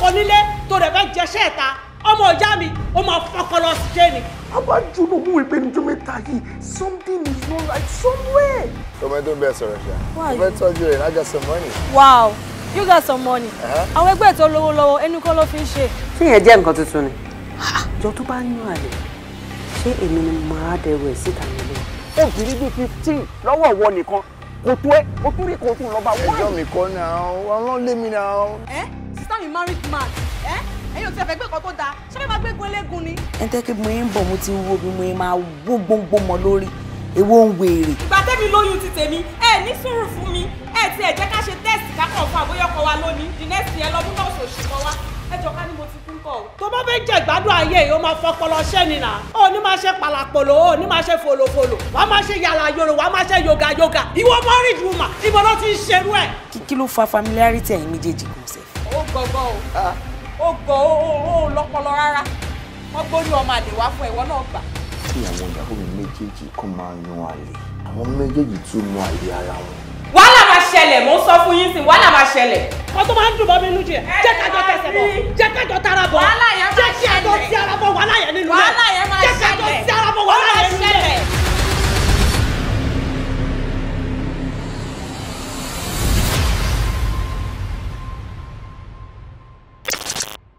kọ nílé tó rẹ̀ fẹ́ jẹṣẹ́ ẹ̀ta ọmọ ìyá mi ó máa fọkọ lọ sí jẹ́ni. abájú ló mú ìpè níjọ́ mẹ́ta yìí something is not right somewhere. tọ́mọ tó bẹ́ẹ̀ sọ̀rọ̀ ṣá mo fẹ́ tọ́jú rẹ̀ lájà some money. wow you got some money. Uh-huh. àwọn ẹgbẹ́ tó lówó lọ́wọ́ ẹnu kọ́ ló fi ń ṣe. ṣé ìyẹn jẹ́ nǹkan tuntun ni. àjọ tó bá yún àlè ṣé èmi ni màá dẹrù ẹ̀ síta nílé. ó fi rí bí fifteen lọ́wọ́ wọ nìkan kò tó ẹ o tún rí kò tún lọ́ba wáyé. ẹjọ́ mi kọ́ náà ọlọ́run lé mi náà. ẹ sísá mi married man ẹ ẹ̀yin ò ti ẹ̀fẹ̀ gbé kan tó dáa ṣé fẹ́ máa gbé gun eléegun ni. ẹ tẹ́ kí mo ń bọ̀ mo ti wo bí mo máa wó gbóngbó mọ́ lórí èwo ń wèrè. ìgbà tẹ́mi lóyún ti tèmi ẹ ní sùúrù fún mi ẹ ti ẹ̀ jẹ́ ká ṣe tẹ́sì kákan fún àbóyọkọ wa lónìí the next yẹn lọ́dún náà ṣòṣù kan wá ẹ jọ ká ní mo ti kún kọ o. tó bá fẹ́ jẹ ìgbádùn ayé yìí ó máa fọpọlọ ṣẹ́ nìyà ó ní máa ṣe pàlàpọ̀lọ̀ ó ní máa ṣe fòlòfòlò wàá máa ṣe yàrá yòrò ṣe yoga yoga ìwọ married woman ìbọn ló ti ń ṣerú ẹ. kí ló fa familiarity ẹ̀yin méjèèjì kò sẹ́. ó gbọ́gbọ́ o ó gbọ́ ó lọ́pọlọ rárá wọ́n gbórí ọmọ àlè wá fún ẹ̀wọ́ náà gbà. kí àwọn ìyàwó mi méjèèjì kan máa yan àlè àwọn méjèèjì tún yan àlè ara wọn. wàhálà máa ṣẹlẹ̀ mò ń sọ fún yín sí wàhálà máa ṣẹlẹ̀. wọ́n tó máa ń dùn mọ́ mi lójú ẹ̀ jẹ́ kájọ tẹsẹ̀ bọ̀ jẹ́ kájọ tara